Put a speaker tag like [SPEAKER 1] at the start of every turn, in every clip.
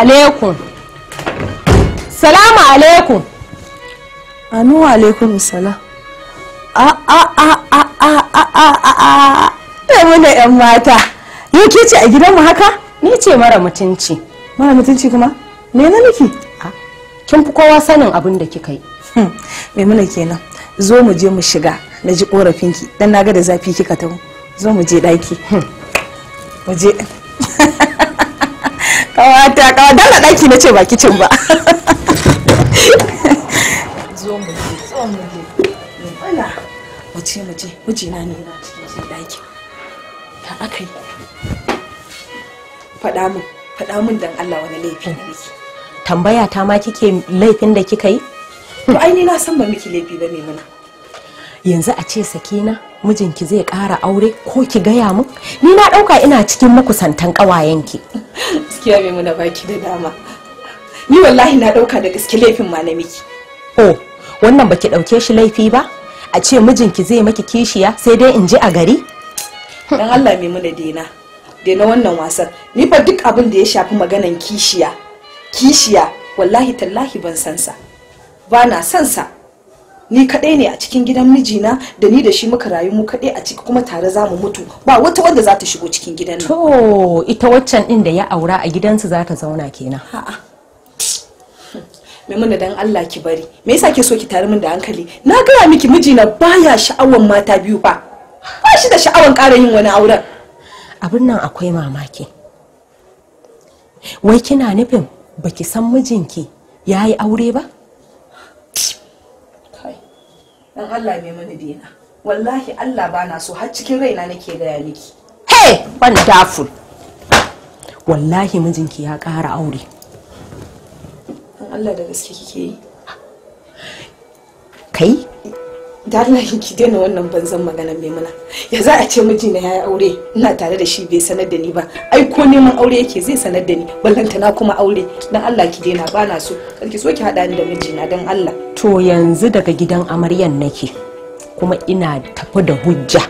[SPEAKER 1] alaikum salamu alaikum anu alaikum salam a a a a a a a a a eh, mata yau ke ce a gidanmu haka ni ce mara mutunci mara mutunci kuma me na niki kin fi kowa sanin abin da kika yi hmm, me muna kenan zo mu je mu shiga na ji korafinki dan ga da zafi kika taho zo mu je daki hmm. mu je kawata kawa dala daki na ce ba kicin ba
[SPEAKER 2] zo mu je zo mu je wala
[SPEAKER 1] wace mu je miji na ne na cikin daki ta akai faɗa mu faɗa mun dan Allah wani laifi ne nake tambaya ta ma kike laifin da kika yi to ai ni na san ba miki laifi bane ne mana yanzu a ce sakina mijinki zai ƙara aure ko ki gaya min ni na ɗauka ina cikin makusantan ƙawayenki gaskiya mai muna baki da dama ni wallahi na ɗauka da gaske laifin ma na miki oh wannan baki ɗauke shi laifi ba a ce mijinki zai maki kishiya sai dai in ji a gari dan Allah mai muna dena dena wannan wasan ni fa duk abin da ya shafi maganan kishiya kishiya wallahi tallahi ban sansa. sa ba na san sa ni kaɗai ne a cikin gidan mijina da ni da shi muka rayu mu kaɗai a ciki kuma tare za mu mutu ba wata wanda za ta shigo cikin gidan to ita waccan ɗin da ya aura a gidansu za ta zauna kenan maimuna dan Allah ki bari me yasa ke so ki tare min da hankali na gaya miki mijina baya sha'awar mata biyu ba ba shi da sha'awar ƙara yin wani auren abin nan akwai mamaki wai kina nufin baki san mijinki yayi aure ba dan Allah mai mani dina wallahi Allah bana so har cikin raina nake gaya miki ban wonderful wallahi mijinki ya ƙara aure dan Allah da gaske kike yi kai da ki daina wannan banzan mai mana ya za a ce mijina ya yi aure ina tare da shi bai sanar da ni ba ai ko neman aure yake zai sanar da ni ballanta na kuma aure dan Allah ki daina ba na so ki so ki hada ni da mijina dan Allah to yanzu daga gidan amaryan nake kuma ina tafi da hujja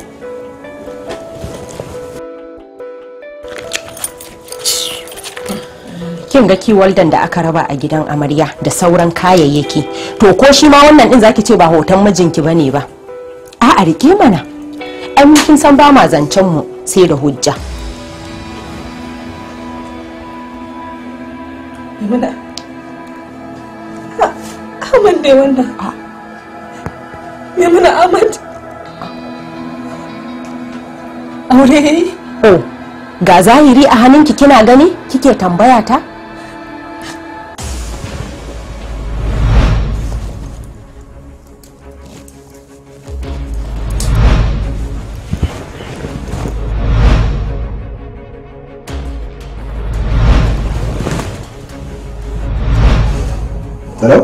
[SPEAKER 1] kin ga kiwaldan da aka raba a gidan amarya da sauran kayayyaki to ko shi ma wannan din zaki ce ba hoton mijinki bane ba a'a rike mana an kin san ba ma zancen mu sai da hujja Yamina, aman dai wannan. Yamina Ahmad. Aure. Oh, ga zahiri a hannunki kina gani kike tambaya ta?
[SPEAKER 3] Hello?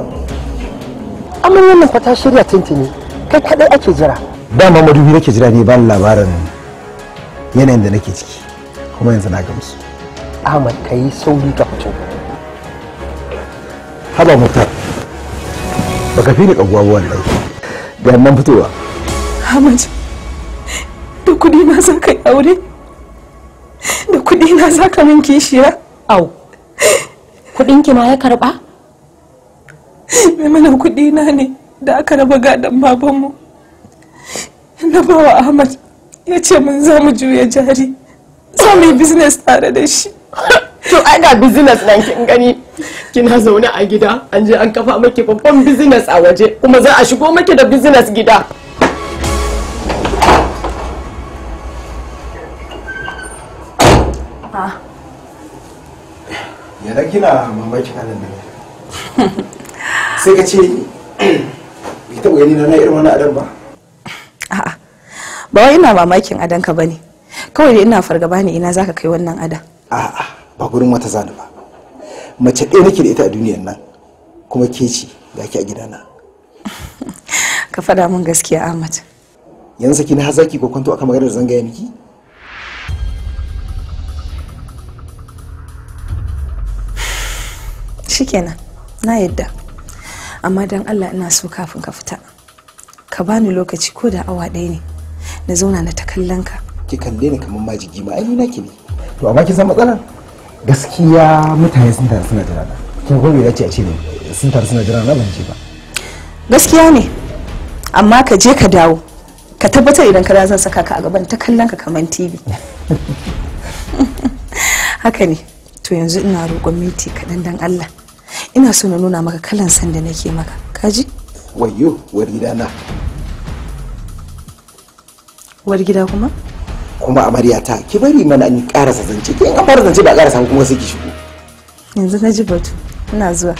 [SPEAKER 3] Amarya nan fa ta shirya tintini. Kai kadai ake jira. Dama madubi nake jira ne bani labarin yanayin da nake ciki. Kuma yanzu na gamsu. Ahmad kai sauri ka fito. Haba Muktar. Baka fi ni kaguwa ba wallahi. Ga nan fitowa.
[SPEAKER 1] Ahmad. Da kudi na za ka yi aure? Da kudi na za ka min kishiya? Au. Kudin ki ma ya karba? mana kudi na ne da aka raba gadon babanmu na bawa ahmad ya ce mun za mu juya jari za mu yi business tare da shi to ai ga business nan kin gani kina zaune a gida an je an kafa maki babban business a waje kuma za a shigo maki da business gida
[SPEAKER 3] ah. yadda kina mamakin halin da sai ka ce bai taɓa gani na irin wani adam ba
[SPEAKER 1] a'a ba wai ina mamakin adan ka ne kawai da ina fargaba ne ina zaka kai wannan adan
[SPEAKER 3] a'a ba gurin wata zani ba mace ɗaya nake da ita a duniyar nan kuma ke ce da ake a gidana
[SPEAKER 1] ka faɗa min gaskiya Ahmad
[SPEAKER 3] yanzu saki na hazaki ko kwanto akan maganar zanga ya miki
[SPEAKER 1] shikenan na yadda amma don allah ina so kafin ka fita ka bani lokaci ko da awa ɗaya ne na zauna na ta kallon ka ki kalle ni kamar majigi ma ainihin ki ne
[SPEAKER 3] to amma ki san matsalar gaskiya mutane sun taru suna jira kin ko me dace a ce ne sun taru suna jira na ban ce ba
[SPEAKER 1] gaskiya ne amma ka je ka dawo ka tabbatar idan ka zan saka ka a gaban ta kallon ka kamar tv haka ne to yanzu ina roƙon miti kaɗan dan allah ina so na nuna maka kalan sanda nake maka
[SPEAKER 3] kaji wayyo dana na
[SPEAKER 1] wargida kuma
[SPEAKER 3] kuma amarya ta ki bari mana an karasa zance ki an fara zance ba karasa kuma sai ki shigo
[SPEAKER 1] yanzu na ji batu ina zuwa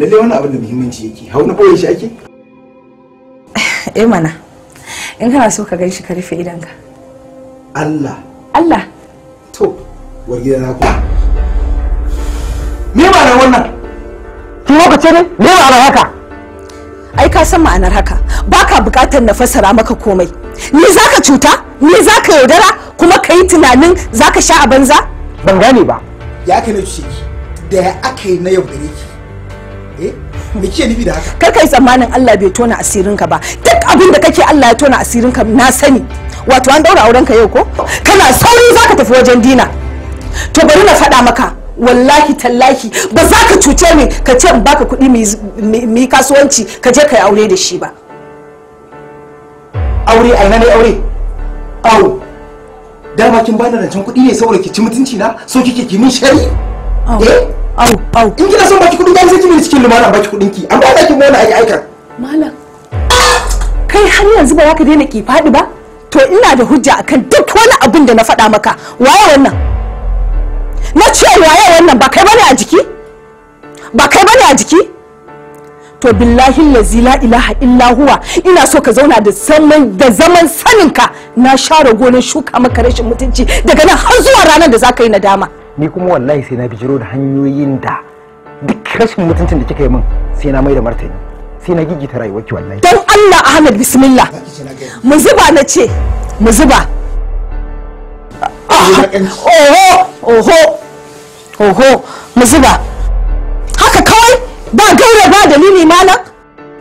[SPEAKER 3] lalle wani abin da muhimmanci yake hau na boye shi ake
[SPEAKER 1] eh mana in kana so ka gan shi ka rufe ka Allah Allah to wa gida na ku me ma'anar wannan ki lokaci ne me ma'anar haka ai ka san ma'anar haka baka bukatar na fassara maka komai ni zaka cuta ni zaka yaudara kuma ka yi tunanin zaka sha a banza ban gane ba ya kai na cuce ki da ya aka yi na yaudare ki me ke nufi kar kai tsammanin Allah bai tona asirin ka ba duk abin da kake Allah ya tona asirin ka na sani wato an daura auren ka yau ko kana sauri zaka tafi wajen dina to bari na faɗa maka wallahi tallahi ba za ka cuce ni ka ce baka kuɗi kasuwanci ka je ka aure da shi ba aure aina ne aure awo
[SPEAKER 3] dama kin bani rancen kuɗi ne saboda ki ci mutunci na so kike ki min shari eh au au
[SPEAKER 1] in kina son baki kudin gani sai kimi cikin lumana baki kudin ki amma za ki mona ai aika malam kai har yanzu ba ka daina ki fadi ba to ina da hujja akan duk wani abin da na faɗa maka waye wannan na ce waye wannan ba kai bane a jiki ba kai bane a jiki to billahi lazi la ilaha illa huwa ina so ka zauna da zaman da zaman saninka na share gonar shuka maka rashin mutunci daga nan har zuwa ranar da za ka yi nadama
[SPEAKER 3] ni kuma wallahi sai na bijiro da hanyoyin da duk rashin mutuncin da kika yi min sai na mai da martani sai na gigita rayuwarki wallahi don Allah
[SPEAKER 1] Ahmad bismillah mu zuba na ce mu zuba ah, oho oho oho mu zuba haka kawai ba gaure ba dalili malam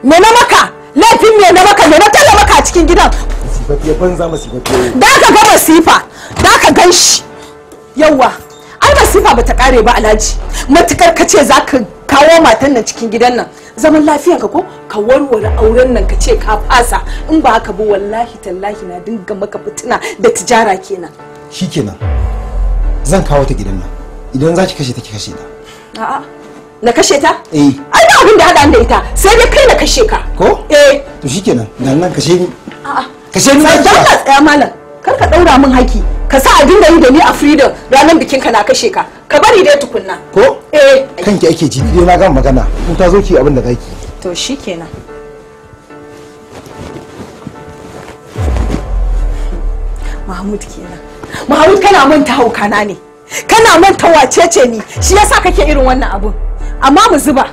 [SPEAKER 1] me na maka laifin me na maka me na tala maka a cikin gidan
[SPEAKER 3] masifafiya banza masifafiya
[SPEAKER 1] da ka ga masifa da ka gan shi yawwa ai masifa ta kare ba alhaji matukar ka ce zaka kawo matan nan cikin gidan nan zaman lafiyanka ko ka warware auren nan ka ce ka fasa in ba haka ba wallahi tallahi na dinga maka fitina da tijara kenan
[SPEAKER 3] shikenan zan kawo ta gidan nan idan za ki kashe ta ki kashe ta
[SPEAKER 1] a'a na kashe ta eh ai ba abin da hada da ita sai dai kai na kashe ka ko eh to shikenan dan nan kashe ni a'a
[SPEAKER 3] kashe ni ba tsaya
[SPEAKER 1] malam daura min haki ka sa a dinga yi da ni a freedom ranar bikin ka na kashe ka ka bari dai tukunna ko eh kanki
[SPEAKER 3] ake ji dai na gama magana in ta zo ki abin da zaki
[SPEAKER 1] to shikenan Mahmud kenan Mahmud kana manta haukana ne kana manta wacece ni shi yasa kake irin wannan abun amma mu zuba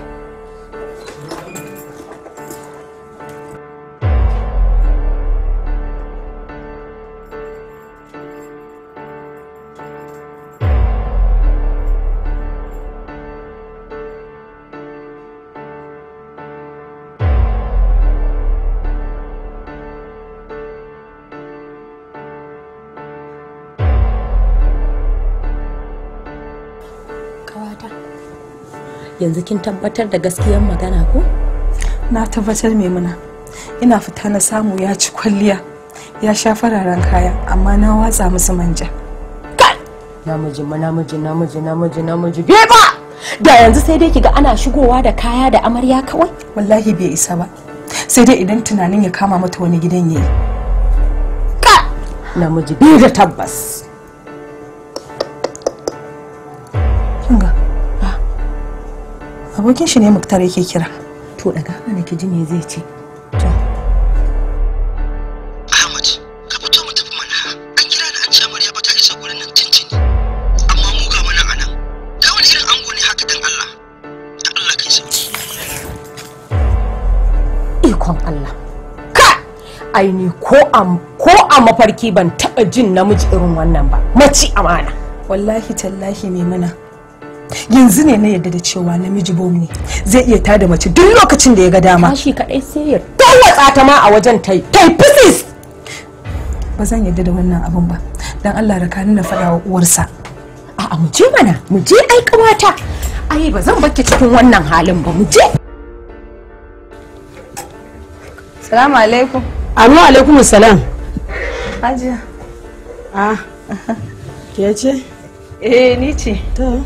[SPEAKER 1] yanzu kin tabbatar da gaskiyar magana ko na tabbatar muna ina fita na samu ya ci kwalliya ya sha fararen kaya amma na watsa musu manja namiji namiji namiji namiji namiji bai ba da yanzu sai dai kiga ana shigowa da kaya da amarya kawai wallahi bai isa ba sai dai idan tunanin ya kama mata wani gidan yayi ka namiji bai da tabbas abokin shi ne muktar yake kira to daga mana ki ji me zai ce to Ahmad ka fito mu tafi mana an kira ni an ce amarya ba ta isa gurin nan cincin amma mu ga mana anan ga wani irin ango ne haka dan Allah da Allah kai sauki ikon Allah ka ai ni ko am ko a mafarki ban taba jin namiji irin wannan ba mace amana wallahi tallahi mai mana yanzu ne na yadda da cewa namiji bom ne zai iya tada mace duk lokacin da ya ga dama kashi kadai sirri kowa ta ma a wajen tai tai fisis ba zan yadda da wannan abin ba dan Allah raka ni na faɗa wa uwarsa a'a mu je mana mu je ai kawata ai ba zan barki cikin wannan halin ba mu je salamu alaikum amma alaikum salam hajiya ah ke ce eh ni ce to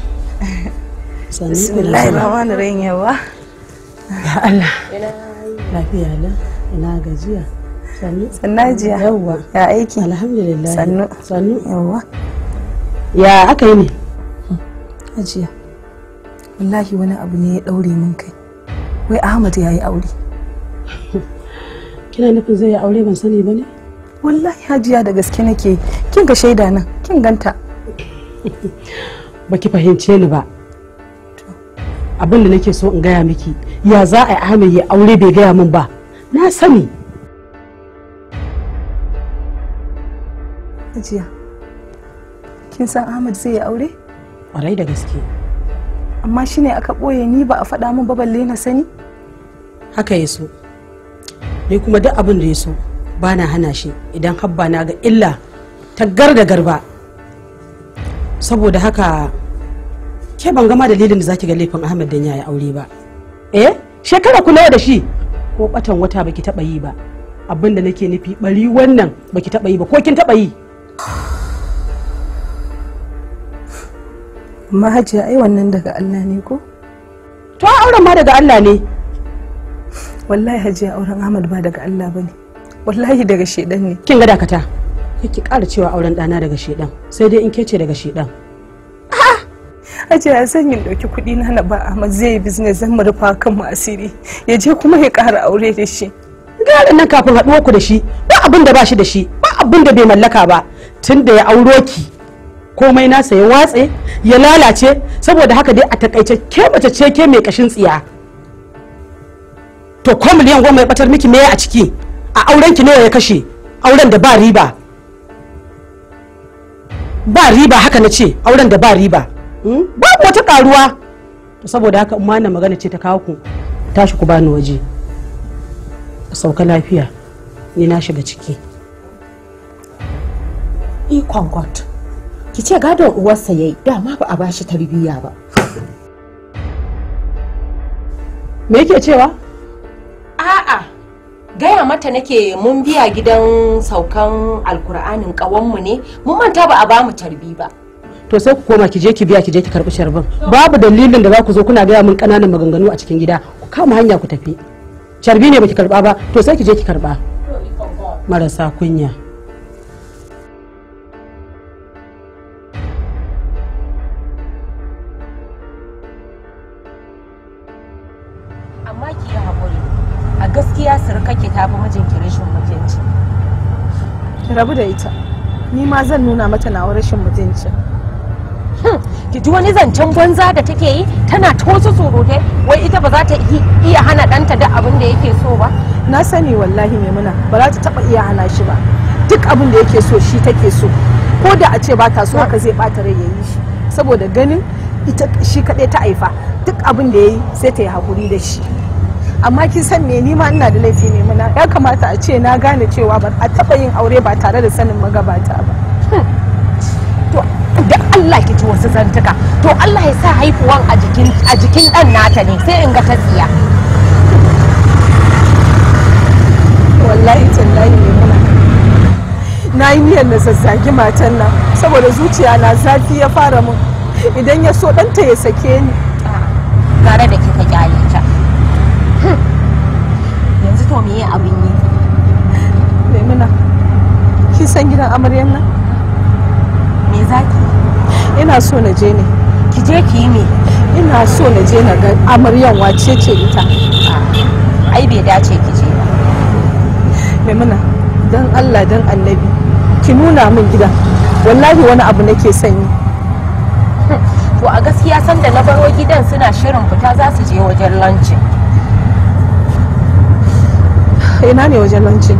[SPEAKER 1] bismillahir yawa ya Allah lafiya ina gajiya sannu ya aiki alhamdulillah sannu sannu ya aka yi ne ajiya wallahi wani abu ne ya daure min kai wai Ahmad ya yi aure kina nufin zai yi aure ban sani ba ne wallahi hajiya da gaske nake kin ga shaida nan kin ganta baki fahimce ni ba abin da nake so in gaya miki ya za a yi ahmed ya aure bai gaya min ba na sani ajiya kin san ahmed zai ya aure ƙwarai da gaske amma shine aka ɓoye ni ba a faɗa min ba balle na sani haka ya so ni kuma duk abin da ya so ba na hana shi idan habba na ga illa ta gar da garba saboda haka ke ban gama dalilin da zaki ga laifin Ahmad dan yayi aure ba eh shekara ku nawa da shi ko batan wata baki taba yi ba abin da nake nufi bari wannan baki taba yi ba ko kin taba yi mahajiya ai wannan daga Allah ne ko to auren ma daga Allah ne wallahi hajiya auren Ahmad ba daga Allah bane wallahi daga shedan ne kin ga dakata kike ƙara cewa auren dana daga shedan sai dai in ke ce daga shedan aje a zan yin ɗauki kuɗi na na ba Ahmad zai yi business zan mu rufa kanmu asiri ya je kuma ya ƙara aure da shi. Gara nan kafin haɗuwar ku da shi ba abin da ba shi da shi ba abin da bai mallaka ba tun da ya auro ki komai nasa ya watse ya lalace saboda haka dai a takaice ke mace ce ke mai kashin tsiya. To ko miliyan goma ya batar miki me a ciki a auren ki nawa ya kashe auren da ba riba ba riba haka na ce auren da ba riba. Hmm? babu wata karuwa to saboda haka in wannan magana ce ta kawo ku tashi ku bani waje sauka lafiya ni na shiga ciki ikon god ki ce gadon uwarsa yayi dama ba a bashi tarbiyya ba me yake cewa a'a gaya mata nake mun biya gidan saukan alkur'anin kawanmu ne mun manta ba a bamu tarbi ba to sai ku koma ki je ki biya ki je ki karbi sharbin babu dalilin da za ku zo kuna gaya mun kananan maganganu a cikin gida ku kama hanya ku tafi sharbi ne baki karba ba to sai ki je ki karba marasa kunya rabu da ita ni ma zan nuna mata na rashin mutunci ki ji wani zancen gwanza da take yi tana tosu surutai wai ita ba za ta iya hana danta da abin da yake so ba na sani wallahi muna ba za ta taɓa iya hana shi ba duk abin da yake so shi take so ko da a ce ba ta so haka zai bata rai ya yi shi saboda ganin ita shi kaɗai ta haifa duk abin da ya yi sai ta yi hakuri da shi amma kin san me ni ma ina da laifi ne muna ya kamata a ce na gane cewa ba a taɓa yin aure ba tare da sanin magabata ba Allah ki ci wasu zantuka to Allah ya sa haifuwan a jikin a jikin dan nata ne sai in ga ta tsiya wallahi tallahi ne mana na yi niyyar na zazzagi matan nan saboda zuciya na zafi ya fara mun idan ya so ɗanta ya sake ni gare da kika kyale ta hm. yanzu to me abin yi maimuna kin san gidan amaryan nan me zaki ina so na je ne ki je ki yi ina so na je na ga amaryan wace ce ita ah, ai bai dace ki je ba maimuna dan Allah dan annabi ki nuna min gidan wallahi wani abu nake sanyi to a gaskiya san da na baro gidan suna shirin fita za su je wajen lancin ina ne wajen lancin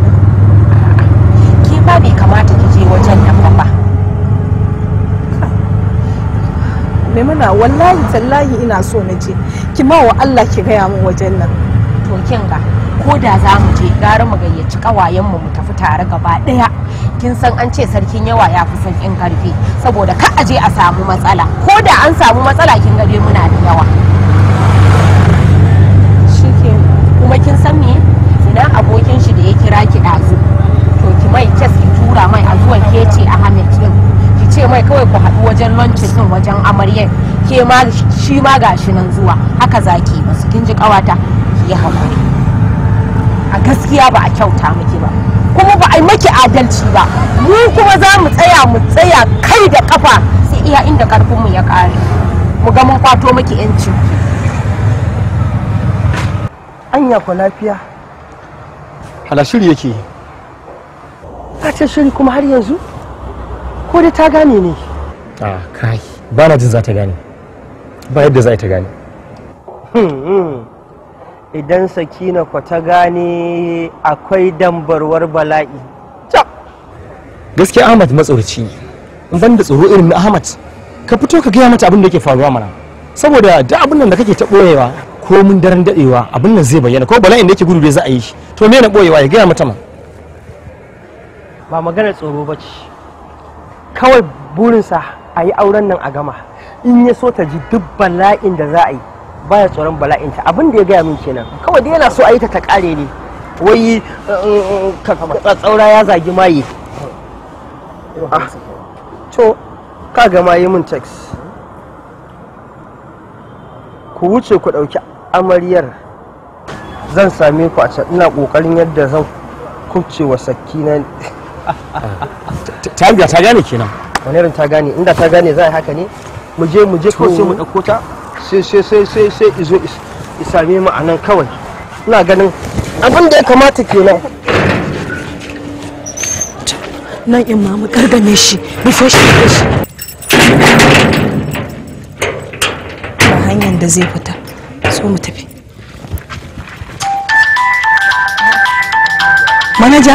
[SPEAKER 1] ki ba bai kamata ki je wajen nan ba muna wallahi tallahi ina so na je ki ma wa Allah ki gaya min wajen nan to kin ga ko da za mu je gara mu gayyaci kawayen mu mu tafi tare gaba daya kin san an ce sarkin yawa ya fi san in karfi saboda ka aje a samu matsala ko da an samu matsala kin ga dai muna da yawa kuma kin san me idan abokin shi da ya kira ki dazu to ki mai kes ki tura mai a zuwan ke ce a ce mai kawai ku haɗu wajen lancin din wajen amaryar ke ma shi ma gashi nan zuwa haka zaki masu kin ji kawata ki yi hakuri a gaskiya ba a kyauta miki ba kuma ba a yi maki adalci ba mu kuma za mu tsaya mu tsaya kai da kafa sai iya inda mu ya kare mu ga mun kwato miki yanci anya ku lafiya
[SPEAKER 3] ala shiri yake ka ce shiri kuma har yanzu ko dai ta gane ne a kai ba na jin za ta gane ba yadda za ta gane hmm, idan sakina ko ta gane akwai dambarwar bala'i gaskiya ahmad matsoraci in ban da tsoro irin na ahmad ka fito ka gaya mata abin da ke faruwa mana saboda da abin nan da kake ta boyewa ko mun daren dadewa abin nan zai bayyana ko bala'in da yake gudu dai za a yi shi to me na boyewa ya gaya mata ma ba magana tsoro ba ce kawai burinsa a yi auren nan a gama in ya so ta ji duk bala'in da za a yi baya tsoron bala'inta, ta abin da ya gaya min kenan kawai dai yana so a yi ta ta kare ne wai eh, eh, tsaura ya zagi maye ah. to ka gama yi min text ku wuce ku ɗauki amaryar zan same ku a can ina ƙoƙarin yadda zan kubce wa sakki na ta ta gane kenan wani irin ta gane inda ta gane za a haka ne mu je mu je ko sai mu dauko ta sai sai sai sai sai izo isame mu anan kawai ina ganin abin da ya kamata kenan
[SPEAKER 1] nan in ma mu gargame shi rufe shi shi ba hanyar da zai fita so mu tafi manaja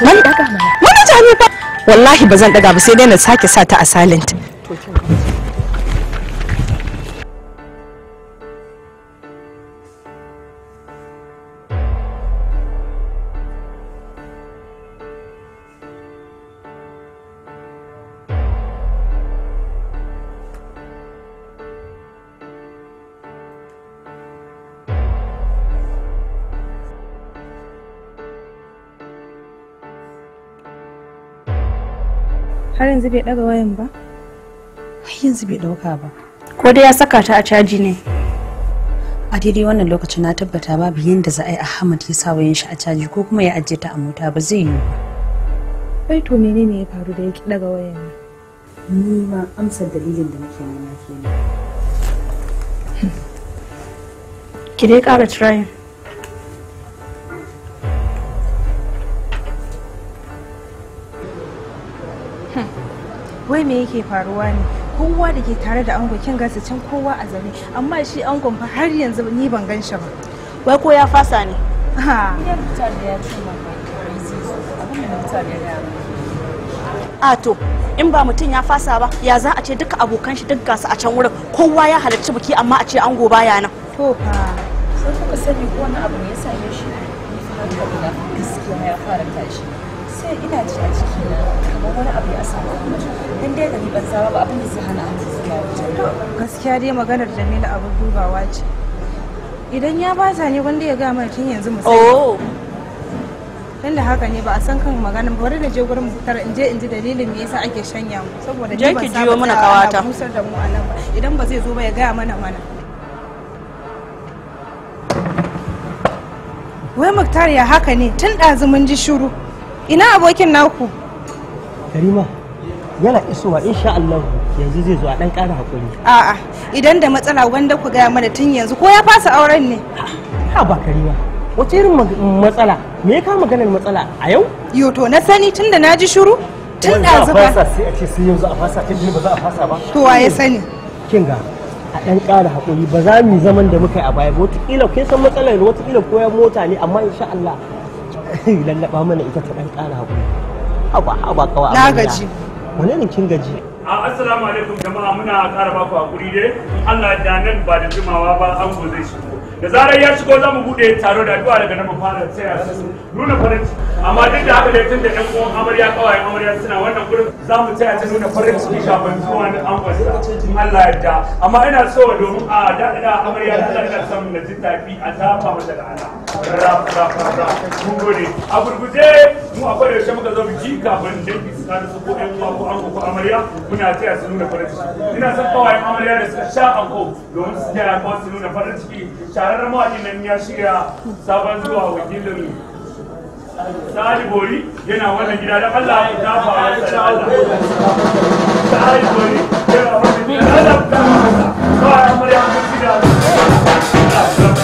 [SPEAKER 1] manaja ne fa wallahi ba zan daga ba sai dai na sake sa ta a silent yanzu bai ɗaga wayan ba? yanzu bai ɗauka ba. Ko dai ya saka ta a caji ne? A daidai wannan lokacin na tabbata babu yadda za a yi Ahmad ya sa wayan shi a caji ko kuma ya ajiye ta a mota ba zai yi. Kai to menene ya faru da yake ɗaga wayan? Ni ma amsa dalilin da nake nuna kenan. Ki dai ƙara trying. wai me yake faruwa ne kowa da ke tare da ango kin gasa can kowa a zane amma shi angon fa har yanzu ni ban gan shi ba wai ko ya fasa ne a to in ba mutum ya fasa ba ya za a ce duka abokan shi duk gasa a can wurin kowa ya halarci biki amma a ce ango baya nan to fa sai kuka sani ko wani abu ne ya same shi gaskiya ya fara tashi sai ina ji a ciki na kamar wani abu ya samu dan dai gari ban saba ba abin da zai hana gaskiya dai maganar Jamila abu dubawa ce idan ya bata ne wanda ya gaya mana tun yanzu mu sani oh! dan haka ne ba a san kan maganin ba bari na je gurin mutar in je in ji dalilin me yasa ake shanya mu saboda ni ban saba mana kawata busar da mu a nan ba idan ba zai zo ba ya gaya mana mana wai muktar ya haka ne tun ɗazu mun ji shiru ina abokin naku
[SPEAKER 3] karima yana
[SPEAKER 1] isowa insha Allah yanzu zai zo a dan ƙara hakuri a'a idan da matsala wanda ku gaya mana tun yanzu ko ya fasa auren ne ha ba karima wace irin matsala me ya kama ganin matsala a yau yo to na sani tun da naji shiru tun da zuba
[SPEAKER 3] sai a ce sai yanzu a fasa tun ba za a fasa ba to ya
[SPEAKER 1] sani kin ga a ɗan ƙara hakuri ba za mu
[SPEAKER 3] zaman da muka yi a baya ba kila kai san matsalar kila koyan mota ne amma insha Allah lallaba mana ita ta dan kara hakuri haba haba kawai na gaji wani ne kin
[SPEAKER 2] gaji assalamu alaikum jama'a muna kara baku hakuri dai Allah da nan ba da jimawa ba an zai shigo da zarar ya shigo za mu bude taro da addu'a daga nan mu fara tsaya su nuna farin amma duk da haka dai tun da ɗan uwan amarya kawai amarya suna wannan gurin zamu mu tsaya ta nuna farin ciki kafin zuwa na an fasa Allah ya da amma ina so domin a daɗaɗa amarya ta da sam na ji tafi a tafa mata da ana rap rap rap mun gode a gurguje mu a kwada yaushe muka zo biki kafin dangi su kada su ko ƴan uwa ko ango ko amarya muna taya su nuna farin ciki ina son kawai amarya da suka sha anko domin su taya kawo su nuna farin ciki shahararren mawaƙi nan ya shirya sabon zuwa wakilin sa'adu Bori yana wannan gida da Allah ya dafa a sa'adu Bori yana wannan gida da Allah ya dafa a Sa'ad Bori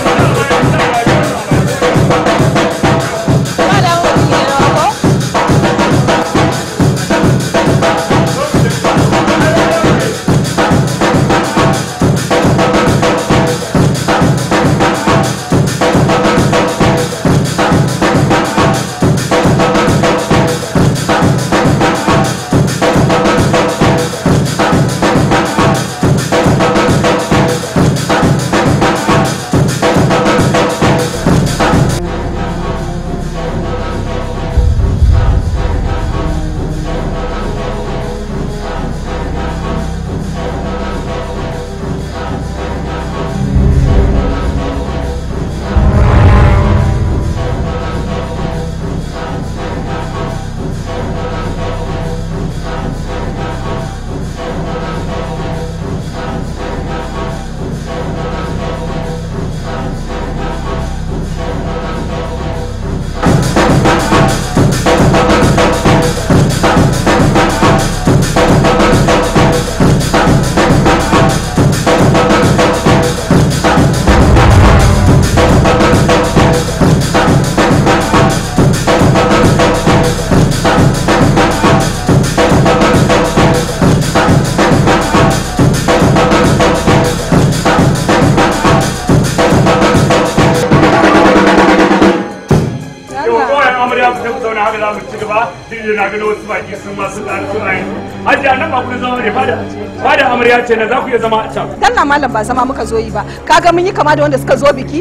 [SPEAKER 2] amarya ce na za ku iya zama a can
[SPEAKER 1] dalla malam ba zama muka zo yi ba kaga mun yi kama da wanda suka zo biki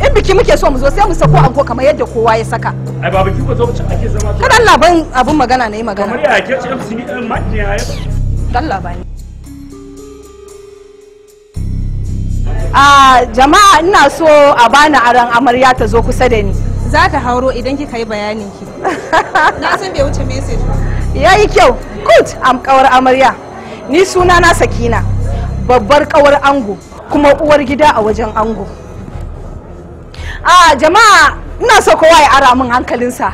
[SPEAKER 1] in biki muke so mu zo sai mu sako anko kamar yadda kowa ya saka
[SPEAKER 2] ai ba biki ko zo can ake zama to kada
[SPEAKER 1] laban abun magana nayi magana kamar ya
[SPEAKER 2] ke ce MC ni ɗan maɗi ya dalla ba
[SPEAKER 1] a jama'a ina so a bani aran amarya ta zo kusa da ni za ta hauro idan kika yi bayanin ki na san bai wuce message yayi kyau good am kawar amarya ni suna na sakina babbar kawar ango kuma uwar gida a wajen ango a jama'a ina so kowa ya ara min hankalinsa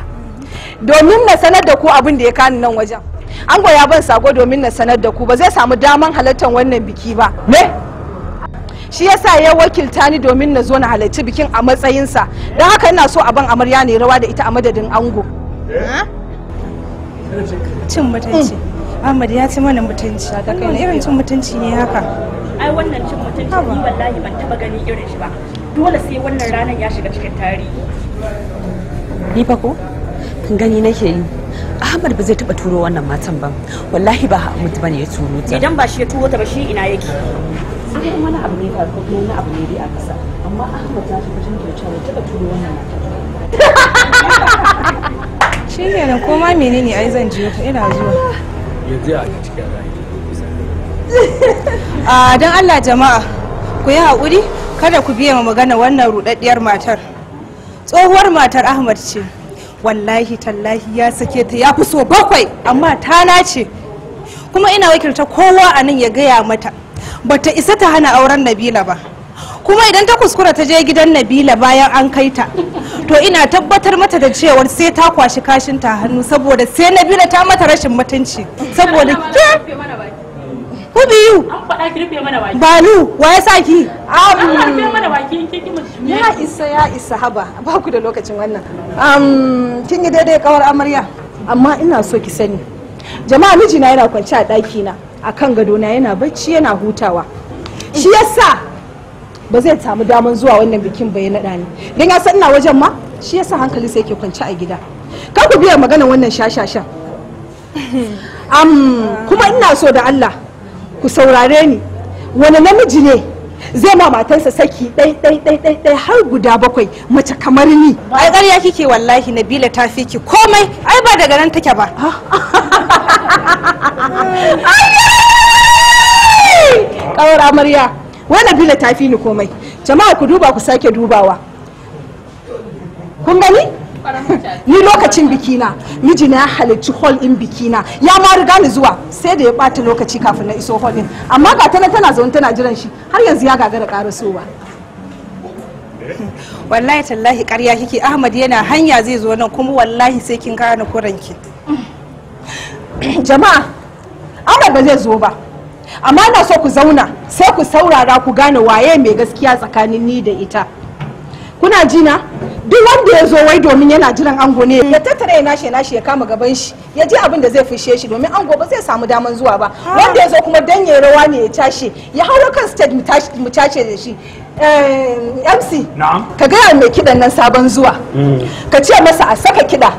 [SPEAKER 1] domin na sanar da ku abin da ya kani nan wajen ango ya ban sago domin na sanar da ku ba zai samu daman halartar wannan biki ba ne shi yasa ya wakilta ni domin na zo na halarci bikin a matsayinsa don haka ina so a ban amarya ne rawa da ita a madadin ango cin mutunci mm. ahmad ya ci mana mutunci a kai na mm. irin cin mutunci ne haka ai wannan cin mutunci ni wallahi ban taba gani irin shi ba dole sai wannan ranar ya shiga cikin tarihi ni fa ko gani nake yi Ahmad ba zai taba turo wannan matan ba wallahi ba Ahmad bane ya turo ta idan ba shi ya turo ta ba shi ina yake sai wani abu ne ko kuma wani abu ne dai a kasa amma Ahmad ya shi cikin cewa taba turo wannan matan shi menene ai zan jiyo ka ina zuwa yanzu ah, don allah jama'a ku yi haƙuri kada ku biya magana wannan ruɗaɗɗiyar matar tsohuwar matar ahmad ce wallahi tallahi ya sake ta ya fi so bakwai amma tana ce kuma ina wakilta kowa a nan ya gaya mata bata isa ta hana auren nabila ba kuma idan ta kuskura ta je gidan nabila bayan an kai ta to ina tabbatar mata da cewar sai ta kwashi kashin ta hannu saboda sai nabila ta mata rashin mutunci saboda ke ku biyu balu wa ya saki abu ya isa ya isa haba ba ku da lokacin wannan kin yi daidai kawar amarya amma ina so ki sani jama'a mijina yana kwance a ɗakina akan gadona yana bacci yana hutawa shi yasa ba zai samu daman zuwa wannan bikin ba ya naɗa ni don ya san ina wajen ma shi yasa hankali sai ke kwance a gida kar ku biya magana wannan shashashan kuma ina so da Allah ku saurare ni wani namiji ne zai ma matarsa saki ɗai ɗai ɗai ɗai ɗai har guda bakwai mace kamar ni ai ƙarya kike wallahi Nabila ta fi ki komai ai ba daga nan take ba ah. ƙawar amarya wannan bila ta tafi ni komai jama'a ku duba ku sake dubawa kun gani ni lokacin bikina mijina ya halarci hall in bikina ya ma riga ni zuwa sai da ya bata lokaci kafin na iso hall din amma ga tana tana zaune tana jiran shi har yanzu ya gagara karasowa wallahi tallahi ƙarya kike ahmad yana hanya zai zo nan kuma wallahi sai kin gane kuranki jama'a ahmad ba zai zo ba amma na so ku zauna sai ku saurara ku gane waye mai gaskiya tsakanin ni da ita kuna jina duk wanda ya zo wai domin yana jiran ango ne ya tattara ya nashe nashe ya kama gaban shi ya ji abin da zai fushe shi domin ango ba zai samu daman zuwa ba wanda ya zo kuma dan ya rawa ne ya cashe ya hauro kan stage mu tace da shi eh, mc ka gaya mai kidan nan sabon zuwa mm. ka ce masa a saka kida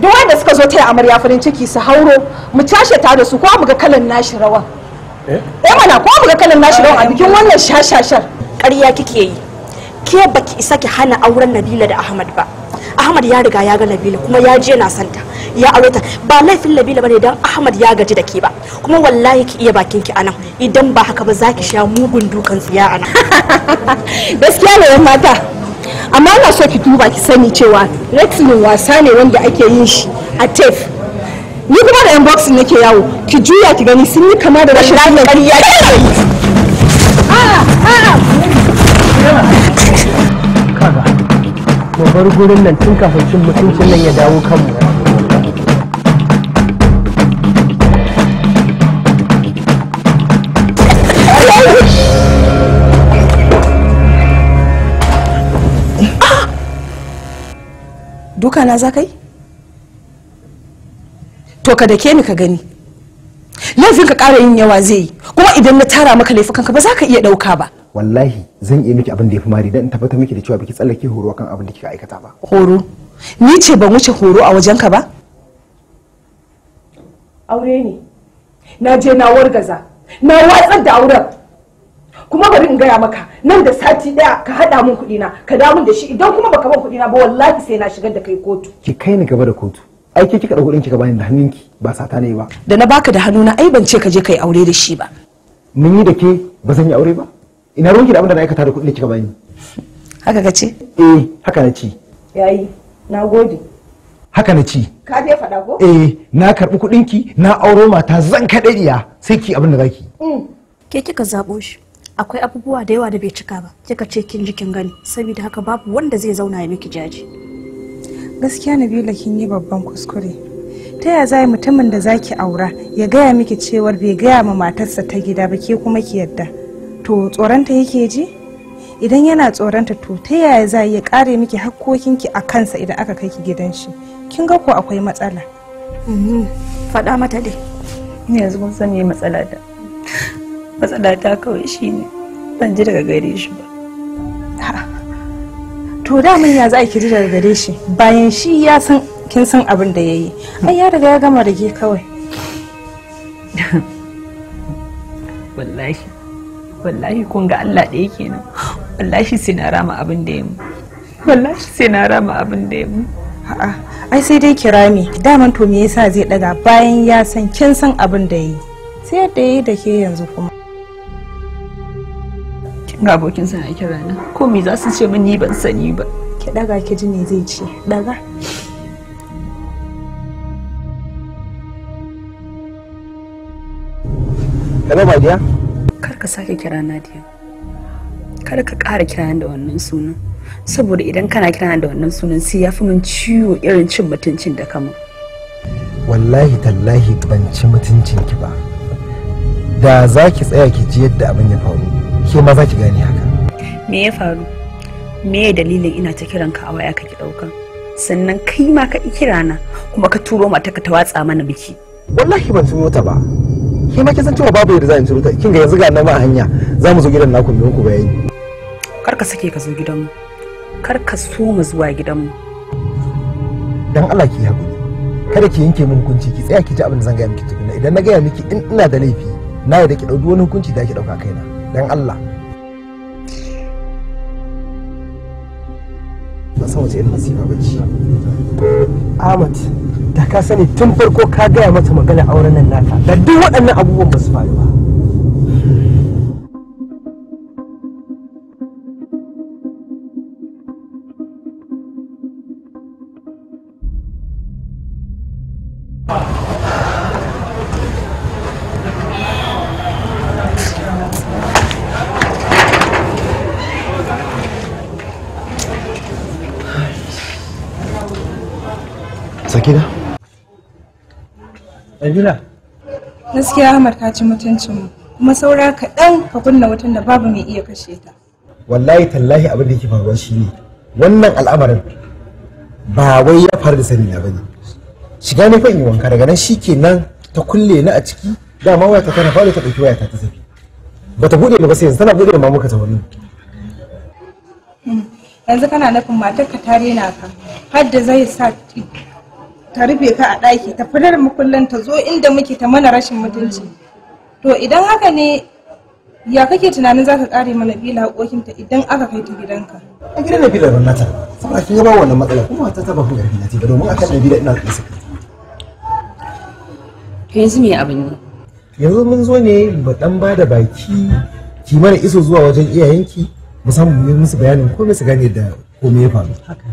[SPEAKER 1] duk wanda suka zo ta yi amarya farin ciki su hauro mu cashe ta da su ko mu ga kalan nashi rawan Eh? eh mana ko buga ga kanin nashi don a bikin wannan shashashar ƙarya kike yi ke baki isa ki hana auren Nabila da Ahmad ba Ahmad ya riga ya ga Nabila kuma ya je na santa ya aure ta ba laifin Nabila bane dan Ahmad ya gaji da ke ba kuma wallahi ki iya bakin ki anan idan ba haka ba zaki sha mugun dukan tsiya anan gaskiya ne yan mata amma ina so ki duba ki sani cewa wrestling wasa ne wanda ake yin shi a tape ni kuma da unboxing nake yawo ki juya ki gani sun yi kama da rashin ah ah
[SPEAKER 3] kaga to bar gurin nan tun kafin cin mutuncin nan ya dawo kanmu
[SPEAKER 1] ah! duka na za kai. to ka dake ni ka gani laifin ka ƙara yin yawa zai yi kuma idan na tara maka laifukan ka ba za ka iya ɗauka ba
[SPEAKER 3] wallahi zan iya miki abin da ya fi mari dan in tabbatar miki da cewa biki tsallake horo kan abin da kika aikata ba
[SPEAKER 1] horo ni ce ban wuce horo a wajen ka ba aure ne na je na wargaza na watsar da auren kuma bari in gaya maka nan da sati daya ka hada min kuɗi na ka da min da shi idan kuma baka ban kuɗi na ba wallahi sai na shigar da kai kotu
[SPEAKER 3] ki kai ni gaba da kotu ai ke kika dauko kika bani da hannunki ba sata ne ba da na baka da hannuna ai ban ce ka je kai aure da shi ba mun yi da ke ba zan yi aure ba ina ruwanki da abin da na aikata da kudin da kika bani haka ka ce eh haka na ci
[SPEAKER 1] yayi na gode haka na ci ka je faɗa ko
[SPEAKER 3] eh na karɓi ki na auro mata zan kaɗaɗiya sai ki abin da
[SPEAKER 2] zaki
[SPEAKER 1] mm. ke kika zaɓo shi akwai abubuwa da yawa da bai cika ba kika ce kin ji kin gani saboda haka babu wanda zai zauna ya miki jaji gaskiya biyu kin yi babban kuskure ta ya zai mutumin da zaki aura ya gaya miki cewar bai gaya ma matarsa ta gida ba ke kuma ki yadda to tsoronta yake ji idan yana tsoronta to ta yaya za ya kare miki hakkokinki a kansa idan aka kai ki gidan shi kin ga ko akwai matsala mm-hmm. faɗa mata dai yanzu mun sani matsala ta matsala ta kawai shine ban ji daga gare shi ba to da mun ya za ki ji daga gare shi bayan shi ya san kin san abin da ya yi ai ya riga ya gama rage kawai wallahi wallahi kun ga Allah da yake nan wallahi sai na rama abin da ya yayi wallahi sai na rama abin da ya yayi a'a ai sai dai kira ni daman to me yasa zai daga bayan ya san kin san abin da ya yi sai yadda yayi da ke yanzu kuma ga abokin sa ya kira ko me za su ce min ni ban sani ba ki daga ki ji ne zai ce daga Hello my kar ka sake kira na dear kar ka ƙara kira da wannan sunan saboda idan kana kira da wannan sunan sai yafi fi min ciwo irin cin mutuncin da kama
[SPEAKER 3] wallahi tallahi ban ci mutuncin ki ba da za ki tsaya ki ji yadda abin ya faru ke ma za ki gane haka
[SPEAKER 1] me ya faru me ya dalilin ina ta kiran ka a waya kake dauka sannan kai ma ka kira na kuma ka turo mata ka ta watsa mana biki
[SPEAKER 3] wallahi ban turo ta ba ke ma ki san cewa babu yadda za in turo ta kin ga yanzu ga nan ma hanya za mu zo gidan naku mu ku bayani
[SPEAKER 1] kar ka sake ka zo gidanmu kar ka so mu zuwa gidanmu
[SPEAKER 3] dan Allah ki hakuri kada ki yanke min hukunci ki tsaya ki ji abin da zan gaya miki tukuna idan na gaya miki in ina da laifi na yadda ki dauki wani hukunci da ki ɗauka kaina Dan Allah ba san wace irin ba ce Ahmad da ka sani tun farko ka gaya mata magana auren nan naka da duk waɗannan abubuwan ba su faru ba Nabila.
[SPEAKER 1] Gaskiya Ahmad ka ci mutuncin mu kuma saura kaɗan ka kunna wutan da babu mai iya kashe ta.
[SPEAKER 3] Wallahi tallahi abin da yake faruwa shi ne wannan al'amarin ba wai ya faru da sani na bane. Shiga ne fa in wanka daga nan shikenan ta kulle ni a ciki dama waya ta tana faru ta dauki waya ta ta tafi. Bata buɗe ni ba sai yanzu tana buɗe ma muka ta wannan.
[SPEAKER 1] Hmm, yanzu kana nufin matar ka tare na ka har da zai sa ta rufe ka a ɗaki ta fitar mu kullum ta zo inda muke ta mana rashin mutunci to idan haka ne ya kake tunanin za ka kare mana bila ta idan aka kai ta gidanka
[SPEAKER 3] a gidan nabila ban nata saboda kin ga wannan matsala kuma ta taba kun garbi nata domin akan nabila ina da saka
[SPEAKER 1] to yanzu me abin ne
[SPEAKER 3] yanzu mun zo ne ba dan ba da baki ki mana iso zuwa wajen iyayenki mu mun musu bayanin komai su gane da komai ya faru haka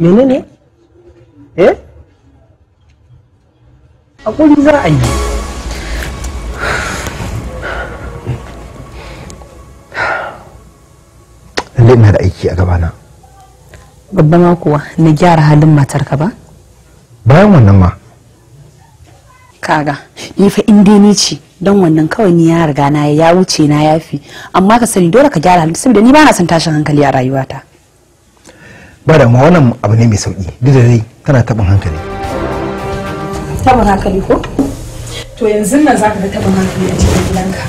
[SPEAKER 3] menene eh akwai za a yi lalle ina da aiki a gabana
[SPEAKER 1] babba ma kuwa na gyara halin matarka ba
[SPEAKER 3] bayan wannan ma
[SPEAKER 1] kaga ni fa in dai ni ce don wannan kawai ni ya riga na ya wuce na yafi amma ka sani dole ka gyara halin saboda ni ba na son tashin hankali a rayuwata
[SPEAKER 3] ba da ma wannan abu ne mai sauki duk da dai tana taɓin hankali
[SPEAKER 1] taɓin hankali ko to yanzu nan za ka ga taɓin hankali a cikin gidanka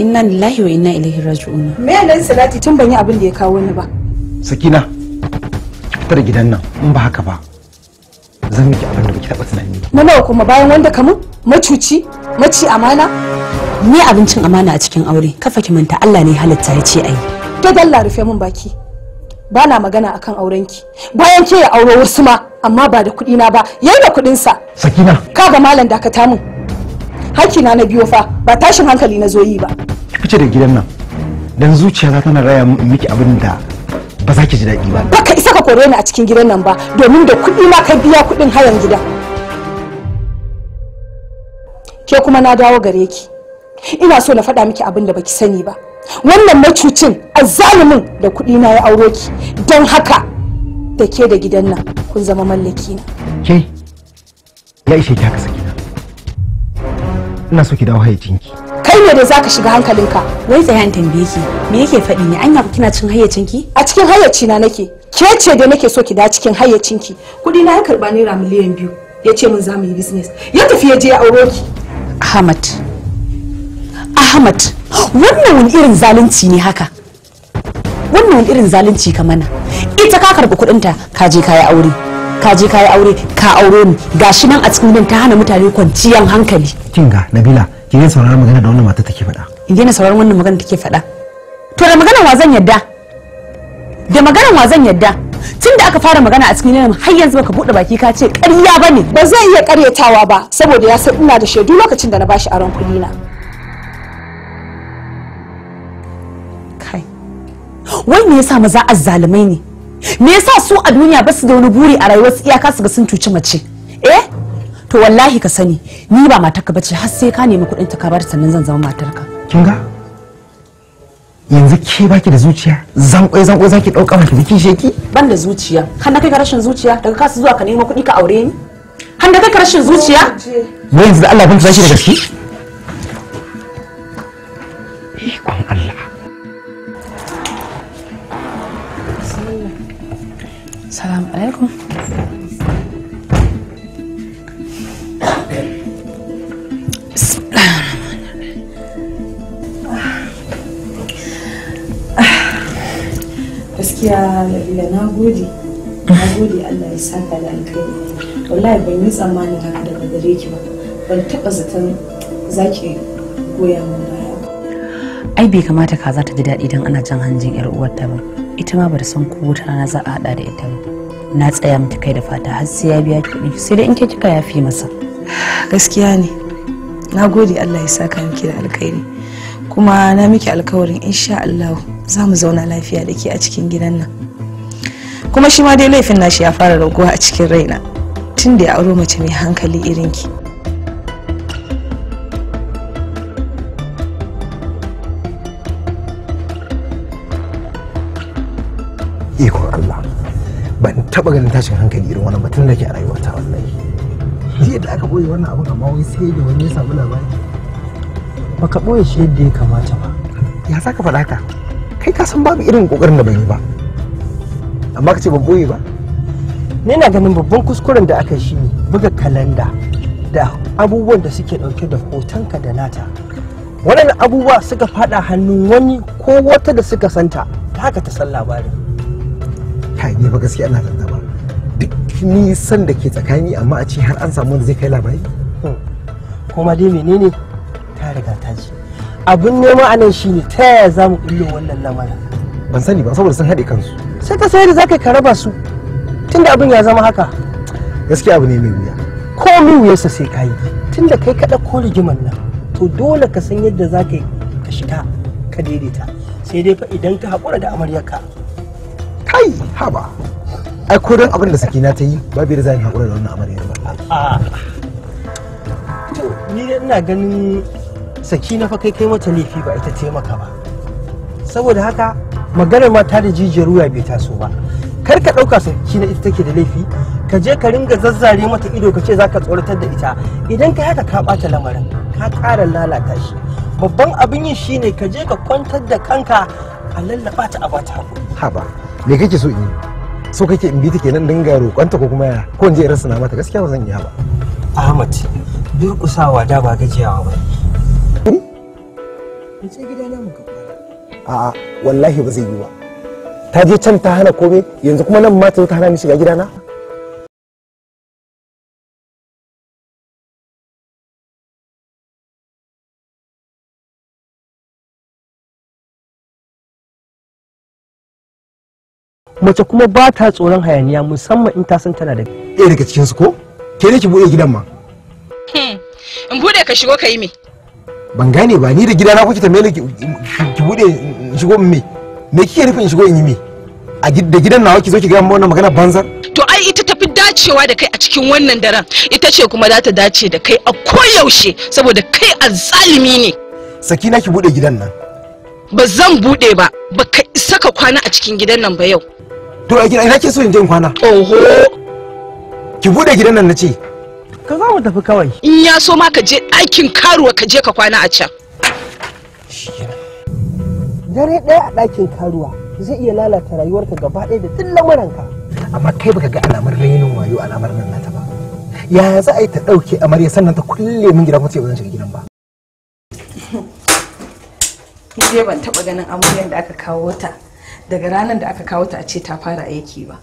[SPEAKER 1] inna lillahi wa inna ilaihi raji'un me nan salati tun ban yi abin da ya kawo ni ba sakina
[SPEAKER 3] fitar gidan nan in ba haka ba zan miki abin da baki taɓa tunani
[SPEAKER 1] na nawa kuma bayan wanda kamu macuci maci amana ni abincin amana a cikin aure kafa ki manta Allah ne halitta ya ce ayi to dalla rufe mun baki Bana na magana akan aurenki bayan ke ya auro wasu ma amma ba da kuɗi na ba yayi da kuɗin sa sakina kaga malam dakata min. haki na na biyo fa ba tashin hankali na zo yi ba
[SPEAKER 3] ki fice da gidan nan dan zuciya za tana raya miki abin da ba za ki ji daɗi
[SPEAKER 1] ba ka isa ka kore ni a cikin gidan nan ba domin da kuɗi ma ka biya kuɗin hayan gida. ke kuma na dawo gare ki ina so na faɗa miki abin da baki sani ba wannan macucin azzalumin da kuɗi na ya auro ki don haka da ke da gidan nan kun zama mallaki na ke ya ishe ki haka na ina so ki dawo hayyacinki kai ne da zaka shiga hankalinka wai tsayan tambaye ki me yake faɗi ne anya kina cin hayyacinki a cikin hayyacina nake ke ce da nake so ki da cikin hayyacin ki kuɗi na ya karba naira miliyan biyu ya ce min za mu yi business ya tafi ya je ya auro ki Ahmad Muhammad wannan wani irin zalunci ne haka wannan wani irin zalunci ka mana ita ka karɓi kuɗinta ka je kayi aure ka je kayi aure ka aure ni gashi nan a cikin gidan ta hana mutane kwanciyan hankali kinga Nabila ki ne sauraron magana da wannan mata take faɗa in daina sauraron wannan magana take faɗa to da magana wa zan yadda da magana wa zan yadda tun da aka fara magana a cikin nan har yanzu baka buɗe baki ka ce ƙarya bane ba zai iya ƙaryatawa ba saboda ya san ina da shaidu lokacin da na bashi aron kuɗi na wai me yasa maza azzalumai ne me yasa su a duniya ba su da wani buri a rayuwarsu iyaka su ga sun cuci mace eh to wallahi ka sani ni ba matarka bace har sai ka nemi kuɗin ta ka bar sannan zan zama matarka kin ga yanzu ke baki da zuciya zan zankwai zaki dauka mata biki sheki ban da zuciya har na kai ka rashin zuciya daga kasu zuwa ka nemi kuɗi ka aure ni har na kai ka rashin zuciya
[SPEAKER 3] wai yanzu da Allah bin zaki da gaske
[SPEAKER 1] ikon Allah Assalamu alaikum. gaskiya labila na gode na gode Allah ya saka da alkhairi wallahi ban yi tsammanin haka daga gare ki ba ban taba zaton zaki goya mun baya ai bai kamata kaza ta ji daɗi don ana jan hanjin yar uwarta ba ita ma bata san ko wuta na za a hada da ita ba na tsaya mata kai da fata har sai ya biya kuɗi sai dai in ke kika yafi masa gaskiya ne na gode Allah ya saka miki da alkhairi kuma na miki alkawarin insha Allah za mu zauna lafiya da ke a cikin gidan nan kuma shi ma dai laifin nashi ya fara raguwa a cikin raina tun da ya aure mace mai hankali irin ki
[SPEAKER 3] taba ganin tashin hankali irin wannan batun da ke a rayuwata wallahi jiya da aka boye wannan abun amma wai sai da wani ya samu labari baka boye shi yadda ya kamata ba ya saka faɗa ka kai ka san babu irin kokarin da ban yi ba amma ka ce ban boye ba ni na ganin babban kuskuren da aka shi buga kalanda da abubuwan da suke dauke da hotonka da nata waɗannan abubuwa suka faɗa hannun wani ko wata da suka santa ta haka ta san labarin kai ne ba gaskiya na nisan da ke tsakani amma a ce har an samu wanda zai kai labari hmm. kuma dai menene ta riga ta ji abin nema anan shine ta yaya za mu bullo wannan lamarin ban sani ba saboda sun haɗe kansu sai ka sai da za ka raba su tunda abin ya zama haka gaskiya abu ne mai wuya ko min wuyarsa sai ka yi tunda kai ka ɗauko rigimar nan to dole ka san yadda za ka yi ka shiga ka daidaita sai dai fa idan ka haƙura da amaryarka kai haba ai ko don abin da sakina ta yi babu da zai da wannan amarya ba ah. to ni ina ganin sakina fa kai kai mata laifi ba ita taimaka ba saboda haka maganar mata da jijiyar wuya bai taso ba kar ka ɗauka sakina ita take da laifi ka je ka ringa zazzare mata ido ka ce za ka tsoratar da ita idan ka haka ka ɓata lamarin ka ƙara lalata shi babban abin yi shine ka je ka kwantar da kanka a lallaɓa ta a bata haba me kake so in yi so kake in bi ta kenan dinga roƙonta ko kuma ya ko in je rasa na mata gaskiya ba zan iya ba Ahmad durƙusawa da ba gajiyawa ba ne ce
[SPEAKER 1] hmm? gida na muka
[SPEAKER 3] a'a wallahi ba zai yi ba ta je can ta hana komai
[SPEAKER 2] yanzu kuma nan ma ta hana ni shiga gidana mace kuma ba ta tsoron hayaniya musamman in ta san tana da ɗaya daga cikin su ko ke ne ki bude gidan ma
[SPEAKER 1] hmm, in bude ka shigo ka yi me
[SPEAKER 3] ban gane ba ni da gidana kuke mele ki bude shigo me me kike nufin shigo in yi me a da gidan nawa
[SPEAKER 1] ki zo ki ga wannan magana banzar to ai ita tafi dacewa da kai a cikin wannan daren ita ce kuma za ta dace da kai a koyaushe saboda kai azzalimi ne sakina ki bude gidan nan ba zan bude ba baka isa ka kwana a cikin gidan nan ba yau to a gida ina ke so in je in kwana oho ki bude gidan nan nace ce ka za mu tafi kawai in ya so ma ka je ɗakin karuwa ka je ka kwana a can
[SPEAKER 3] dare ɗaya a ɗakin karuwa zai iya lalata rayuwarka gaba ɗaya da duk lamuranka amma kai baka ga alamar rainin wayo alamar nan nata ba ya za a yi ta ɗauke amarya sannan ta kulle min gida kuma ce ba zan shiga gidan ba
[SPEAKER 1] ni dai ban taɓa ganin amaryan da aka kawo ta daga ranar da aka kawo ta a ce ta fara aiki ba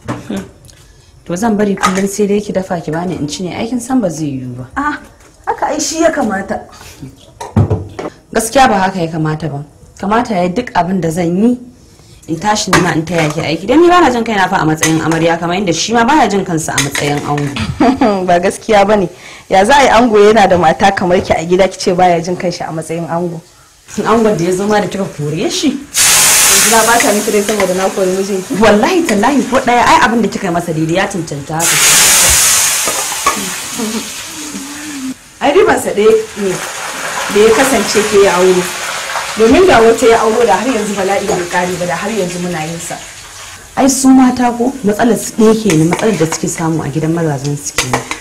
[SPEAKER 1] to zan bari kullum sai dai ki dafa ki bani in ci ne aikin san ba zai yiwu ba a ah, haka ai shi ya kamata gaskiya ba haka ya kamata ba kamata ya duk abin da zan yi in tashi na in taya ki aiki dan ni bana jin kaina fa a matsayin amarya kamar inda shi ma na jin kansa a matsayin ango ba gaskiya bane ya za a yi ango yana da mata kamar ki a gida ce baya jin kanshi a matsayin ango angon da ya zama da kika kore shi na ba ta miki dai saboda na kori mijinki wallahi tallahi ko daya ai abin da kika yi masa daidai ya cancanta haka ai ribansa ɗaya ne da ya kasance ke ya aure domin da wata ya auro da har yanzu bala'i bai kare ba da har yanzu muna yin sa ai su mata ko matsalar su ɗaya ne matsalar da suke samu a gidan mazajen suke ne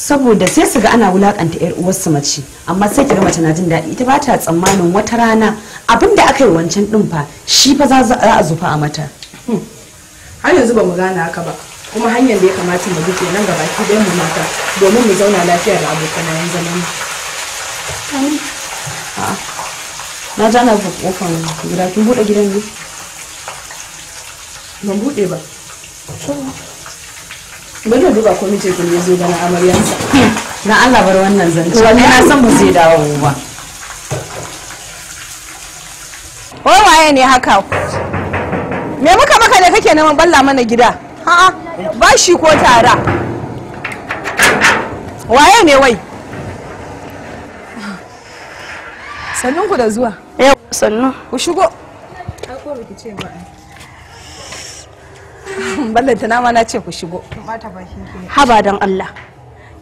[SPEAKER 1] saboda sai su ga ana wulakanta yar uwarsu mace amma sai kira mace na jin daɗi ita ba ta tsammanin wata rana abin da aka yi wancan ɗin fa shi fa za a zufa a mata hmm. har yanzu ba mu gane haka ba kuma hanyar da ya kamata mu bi kenan ga baki ɗayan mu mata domin mu zauna lafiya da abokan yan zaman mu na ji ana kofar gida kin buɗe gidan ne ban buɗe ba bari da duba ko mijin ku ne zo gana amaryansa na Allah bar wannan zance wani na san ba zai dawo ba wai waye ne haka me muka maka ne kake neman balla mana gida ha'a ba shi ko tara waye ne wai sannun ku da zuwa yau sannu ku shigo ko baki ce ba ballanta na ma na ce ku shigo haba don Allah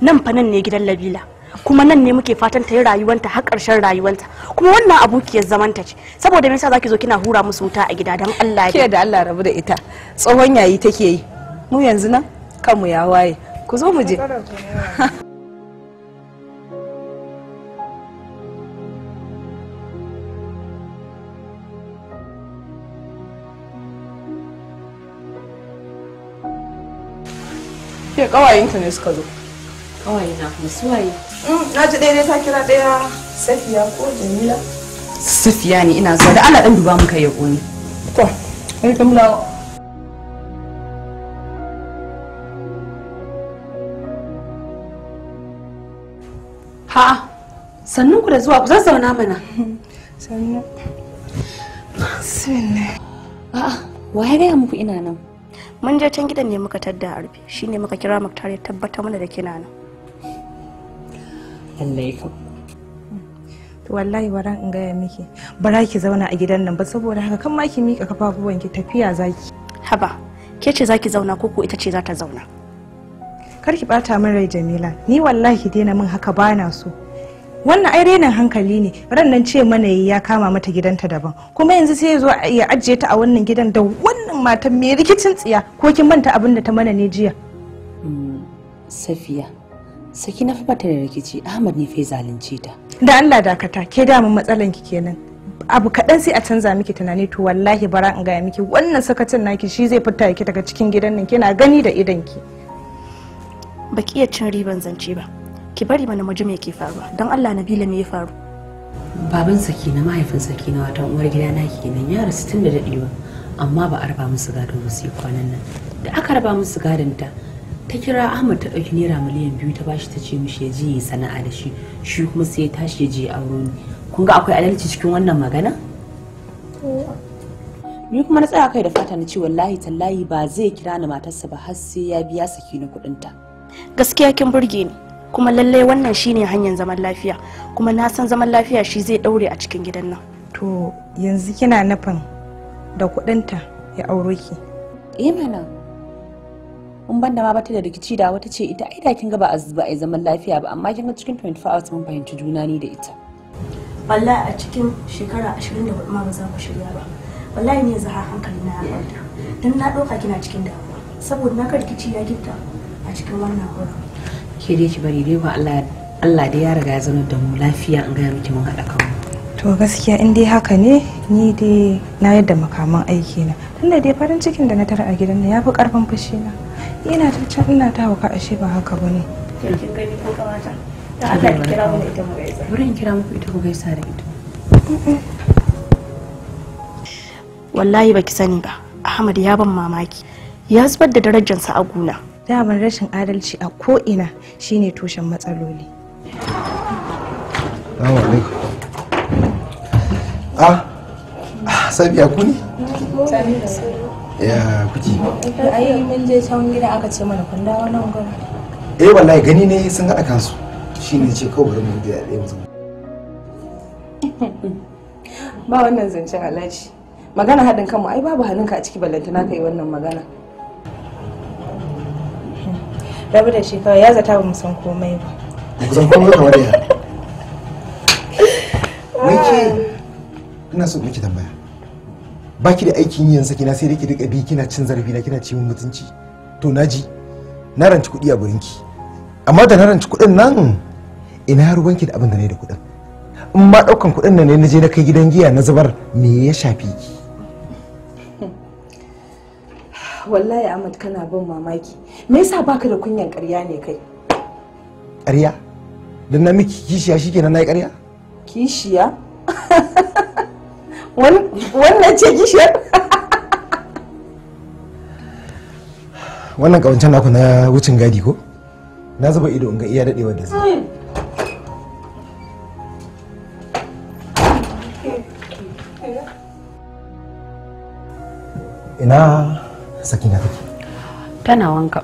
[SPEAKER 1] nan fa nan ne gidan Labila kuma nan ne muke fatan ta yi rayuwanta har ƙarshen rayuwanta kuma wannan abokiyar zamanta ce saboda me yasa zaki zo kina hura musu wuta a gida don Allah ke da Allah rabu da ita tsohon yayi take yi mu yanzu nan kanmu ya waye ku zo mu je ne ƙawayenta ne suka zo ƙawaye na kuma waye? Mm, na ji daidai ta kira ɗaya safiya ko jamila safiya ne ina zuwa da allah ɗan duba muka ya ƙoni to ai kamla ha sannun ku da zuwa ku zazzauna mana sannu sinne a'a wa ya gaya muku ina nan mun je can gidan ne muka tadda a rufe ne muka kira muktar ya tabbatar mana da kina nan lallai kam to wallahi bara in gaya miki bara ki zauna a gidan nan ba saboda haka kan ma ki mika kafafuwan ki tafiya zaki haba ke ce zaki zauna ko ko ita ce za ta zauna kar ki bata min rai jamila ni wallahi ki daina min haka bana so wannan ai renin hankali ne ran nan ce mana ya kama mata gidanta daban kuma yanzu sai zo ya ajiye ta a wannan gidan da wannan matan mai rikicin tsiya ko kin manta abin da ta mana ne jiya mm, safiya saki na fata da rikici ahmad ne fa zalunce ta da Allah dakata ke damun matsalan ki kenan abu kaɗan sai a canza miki tunani to wallahi bara in gaya miki wannan sakacin naki shi zai fita ki daga cikin gidan nan kina gani da idan ki baki iya cin riban zance ba ki bari mana mu ji me ke faruwa don Allah Nabila me ya faru babansa kenan mahaifinsa kenan wata uwar gida na kenan yara 60 da dadewa amma ba a raba musu gado ba sai kwanan nan da aka raba musu gadon ta ta kira Ahmad ta dauki naira miliyan biyu ta bashi ta ce mishi ya je yi sana'a da shi shi kuma sai ya tashi ya je aure ne. kun ga akwai adalci cikin wannan magana ni kuma na tsaya kai da fata na ce wallahi tallahi ba zai kira ni matarsa ba har sai ya biya saki na ta. gaskiya kin burge ni kuma lallai wannan shine hanyar zaman lafiya kuma na san zaman lafiya shi zai daure a cikin gidan nan to yanzu kina nufin da kudinta ya auro ki eh mana in ban da ma bata da rikici da wata ce ita ai da kin ga ba a ba ai zaman lafiya ba amma kin ga cikin 24 hours mun fahimci juna ni da ita wallahi a cikin shekara 24 ma ba za ku shirya ba wallahi ne yanzu har hankali na ya dan na dauka kina cikin damuwa saboda na karkici ya gifta a cikin wannan wurin ke dai ki bari dai ba Allah Allah dai ya riga ya zama da mu lafiya an gaya miki mun haɗa kanmu to gaskiya in dai haka ne ni dai na yadda makaman aiki na tunda dai farin cikin da na tara a gidan nan fi karfin fushi na ina ta can ina ta hauka ashe ba haka bane kin gani ko kira mu ita mu gaisa wurin kira muku ita ku gaisa da ita wallahi baki sani ba Ahmad ya ban mamaki ya zubar da darajarsa a gona damar rashin adalci a ko'ina shine tushen matsaloli
[SPEAKER 3] ah sabiya ku ne ya kuke
[SPEAKER 1] ayi mun je can gida aka ce mana kun dawo nan gurin
[SPEAKER 3] eh wallahi gani ne sun hada kansu ne ce kawai bari mu je a ɗaya
[SPEAKER 1] ba wannan zancen alaji magana haɗin kanmu ai babu halinka a ciki na kai wannan magana rabu da shi kawai ya zata ba mu san komai
[SPEAKER 3] ba kusan komai kamar da ya wai ah. ina so miki tambaya baki da aikin yin saki na sai dai ki rika bi kina cin zarafi na kina cimin mutunci to naji na ranci kuɗi a gurin ki amma da na ranci kuɗin nan ina ruwanki da abin da ne da kuɗin in ma ɗaukan kuɗin nan ne na je na kai gidan giya na zubar me ya shafi ki
[SPEAKER 1] wallahi Ahmad kana bin mamaki me yasa baka da kunyan ƙarya ne kai
[SPEAKER 3] ƙarya dan na miki kishiya shikenan nayi ƙarya
[SPEAKER 1] kishiya wannan ce kishiyar
[SPEAKER 3] wannan kawancan naku na wucin gadi ko na zuba ido in ga iya dadewar da zai hmm. ina sakina take tana wanka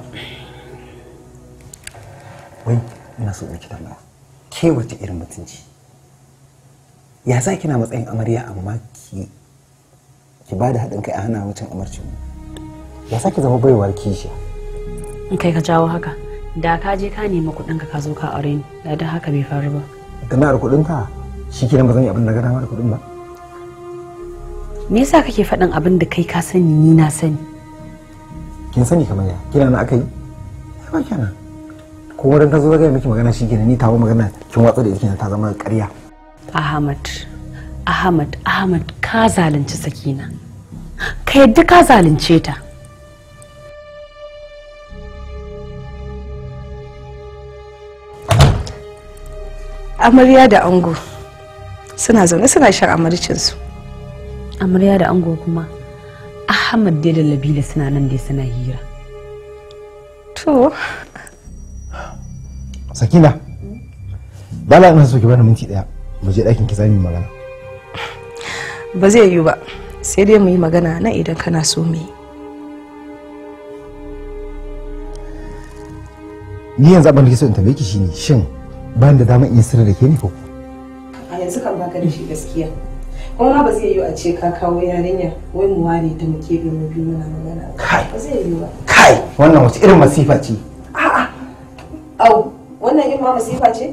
[SPEAKER 3] wai ina so miki tambaya ke wata irin mutunci ya sa kina matsayin amarya amma ki ki bada haɗin kai a hana wucin amarci ya sa ki zama baiwar kishiya
[SPEAKER 1] in kai ka jawo haka da ka je ka nemi kuɗin ka zo ka aure ni da dan haka bai faru ba
[SPEAKER 3] ganar kuɗin ka shi kenan ba zan yi abin da gana da kuɗin ba
[SPEAKER 1] me yasa kake faɗin abin da kai ka sani ni na sani
[SPEAKER 3] kin sani kamar ya kina na aka yi ba kenan ko wadan ta zo ga miki magana shi kenan ni tawo magana kin watsa da ikin ta zama ƙarya
[SPEAKER 1] Ahmad Ahmad Ahmad ka zalunci sakina ka yadda ka zalunce ta amarya da ango suna zaune suna shan amarcinsu amarya da ango kuma ahmad dai da labila suna nan dai suna hira to sakina
[SPEAKER 3] ba la ina so ki bani minti daya mu je ɗakin ki zami magana
[SPEAKER 1] ba zai yiwu ba sai dai mu yi magana na idan kana so mu yi
[SPEAKER 3] ni yanzu abin da ke so in tambaye ki shine shin ba da dama in sirri da ke ni ko
[SPEAKER 1] a yanzu kan baka da shi gaskiya kuma ba zai yiwu a ce ka kawo yarinya wai mu ware ta mu keɓe mu biyu mana magana kai ba zai yiwu ba kai
[SPEAKER 3] wannan wace irin masifa ce
[SPEAKER 1] a'a au wannan irin ma masifa ce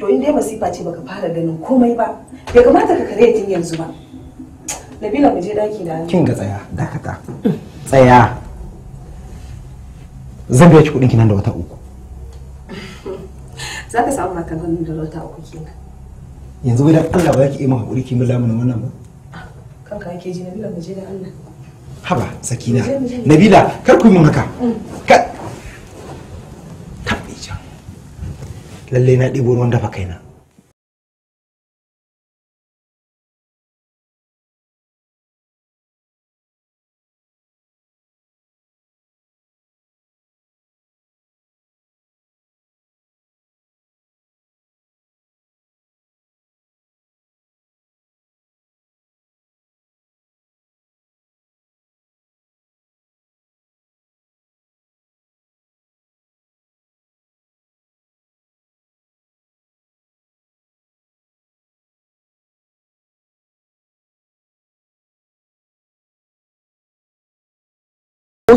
[SPEAKER 1] to in dai masifa ce baka fara ganin komai ba bai kamata ka kare tun yanzu ba Nabila mu je daki na kin
[SPEAKER 3] ga tsaya dakata tsaya zan biya ki kuɗin nan da wata uku
[SPEAKER 1] za ka samu matan ganin da wata uku kenan
[SPEAKER 3] yanzu wai dan Allah ba yake iya hakuri ki min lamunin wannan ba
[SPEAKER 1] kanka yake ji Nabila mu je da Allah
[SPEAKER 3] haba sakina Nabila
[SPEAKER 2] kar ku yi min haka mm. ka tabi lalle na ɗebo ruwan dafa kaina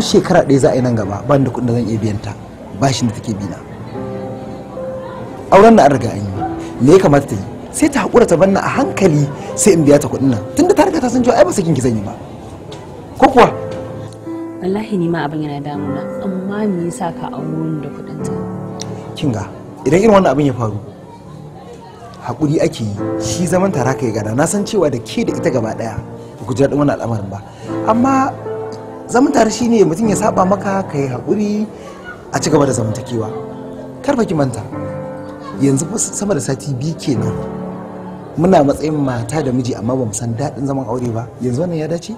[SPEAKER 2] ko shekara ɗaya za a yi nan gaba ba da kuɗin da zan iya biyan ta bashin da take bina
[SPEAKER 3] auren na an riga an yi me ya kamata ta yi sai ta haƙura ta banna a hankali sai in biya ta kuɗin nan tunda ta riga ta san cewa ai ba sakin ki zan yi ba ko kuwa
[SPEAKER 1] wallahi ni ma abin yana damuna amma me yasa ka auro ni da kuɗin ta
[SPEAKER 3] kinga idan irin wannan abin ya faru haƙuri ake yi shi zaman tara ka yi gada na san cewa da ke da ita gaba ɗaya ba ku ji daɗin wannan al'amarin ba amma zaman tare shine mutum ya saba maka ka yi haƙuri a ci gaba da zamantakewa karfa ki manta yanzu sama da sati biyu kenan muna matsayin mata da miji amma ba mu san daɗin zaman aure ba yanzu wannan ya dace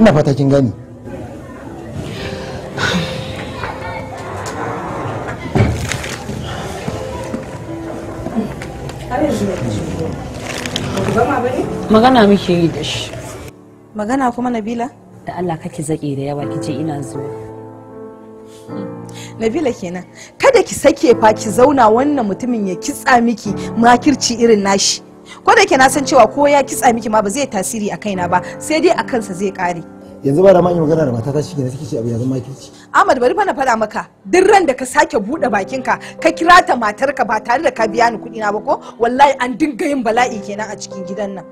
[SPEAKER 3] ina fata kin gani
[SPEAKER 1] magana muke yi da shi magana kuma nabila da allah kake zaƙe da yawa kice ina zuwa nabila kenan kada ki sake fa ki zauna wannan mutumin ya kitsa miki makirci irin nashi ko da ke na san cewa ko ya kitsa miki ma ba zai tasiri a kaina ba sai dai a kansa zai kare
[SPEAKER 3] yanzu ba da ma magana da matata shi ne suke ce abu yanzu makirci
[SPEAKER 1] Ahmad bari bana fada maka duk ran da ka sake buɗe bakinka ka kira ta matarka ba tare da ka biya ni kuɗi na ba ko wallahi an dinga yin bala'i kenan a cikin gidan nan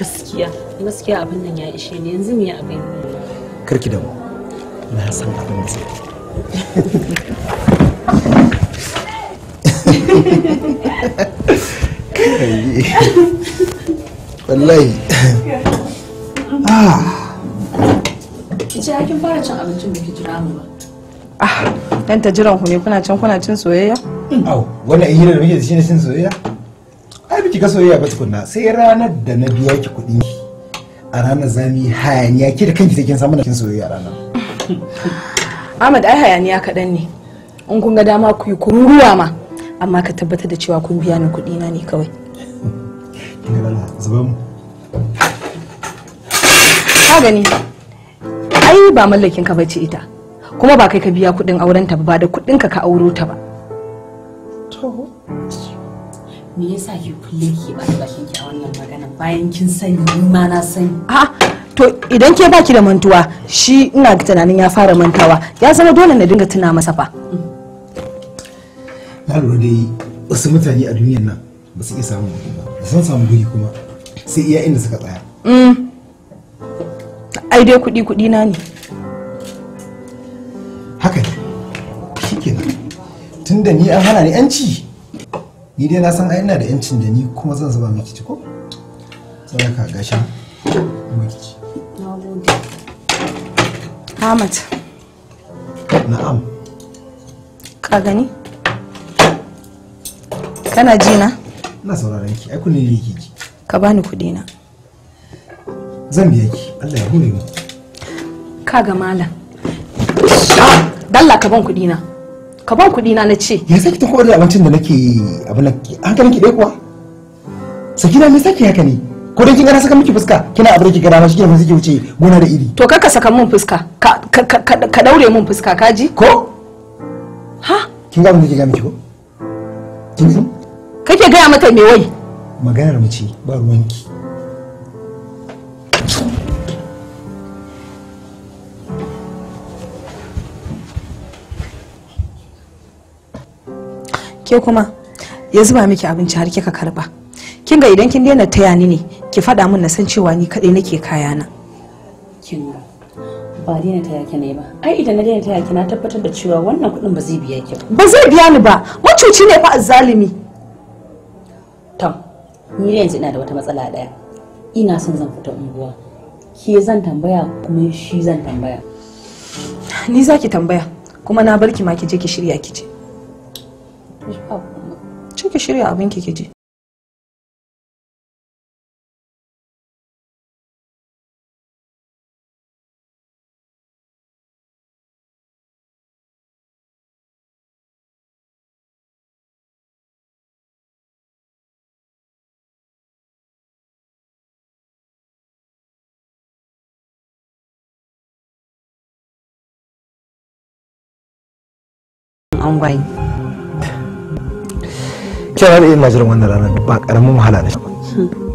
[SPEAKER 1] gaskiya gaskiya abin nan ya ishe ni yanzu me abin
[SPEAKER 3] karki da mu na san abin da zai kai wallahi ah
[SPEAKER 1] ki Kice kin fara cin abincin da ke jira mu ba. Ah, dan ta jiran ku ne kuna cin kuna cin soyayya?
[SPEAKER 3] Au, wannan ihira da muke da shi ne cin soyayya? ai biki ga soyayya ba tukunna sai ranar da na biya ki kuɗin ki a ranar zami hayaniya ki da kanki take kin samu na kin soyayya ranar
[SPEAKER 1] Ahmad ai hayaniya kaɗan ne in kun ga dama ku yi kururuwa ma amma ka tabbatar da cewa kun biya ni kuɗi na ne kawai
[SPEAKER 3] kin ga zuban mu
[SPEAKER 1] ka gani ai ba mallakin ka bace ita kuma ba kai ka biya kuɗin auren ta ba da kuɗinka ka ka auro ta ba to me yasa ke kulle ke bani bakin ki a wannan magana bayan kin sani ni ma na sani a ah, to idan ke baki da mantuwa shi ina tunanin ya fara mantawa ya zama dole na dinga tuna masa fa
[SPEAKER 3] na lura dai wasu mutane a duniyar nan ba su iya samun ba ba san samun guri kuma sai iya inda suka tsaya
[SPEAKER 1] mm. ai dai kuɗi kuɗi na ne haka ne shikenan tunda ni an hana ni 'yanci
[SPEAKER 3] ni dai na san ai ina da yancin da ni kuma zan zuba miki ciko. ko sadaka gashi miki ci
[SPEAKER 1] nagode Ahmad na'am ka gani kana ji na
[SPEAKER 3] ina sauraron ki ai kullun ne ki
[SPEAKER 1] ka bani kuɗi na
[SPEAKER 3] zan biya ki Allah ya hore
[SPEAKER 1] ka ga malam dalla ka ban kuɗi na ka ban kuɗi na na ce
[SPEAKER 3] ya saki ta koɗa abincin da nake abin nan hankalin ki dai kuwa saki na me saki haka ne ko dan kin ga na saka miki fuska kina abin ki ga dama shike mun ki wuce gona da iri
[SPEAKER 1] to kaka saka mun fuska ka ka daure mun fuska kaji ko ha
[SPEAKER 3] kin ga mun ki ga miki ko kin
[SPEAKER 1] kake gaya mata me wai
[SPEAKER 3] maganar mu ce ba ruwanki
[SPEAKER 1] ke kuma ya zuba miki abinci har kika karba kin ga idan kin daina taya ni ne ki faɗa min na san cewa ni kaɗai nake kayana kin ba daina taya ki ne ba ai idan na daina taya ki na tabbatar da cewa wannan kuɗin ba zai biya ki ba Ba zai biya ni ba macuci ne fa azzalimi tom ni yanzu ina da wata matsala ɗaya ina son zan fita unguwa ke zan tambaya kuma shi zan tambaya ni za ki
[SPEAKER 2] tambaya kuma na barki ma ki je ki shirya ki je ce ki shirya abinki ki je an gwai cewa da yin najeriya wannan ranar ba karamin wahala na shi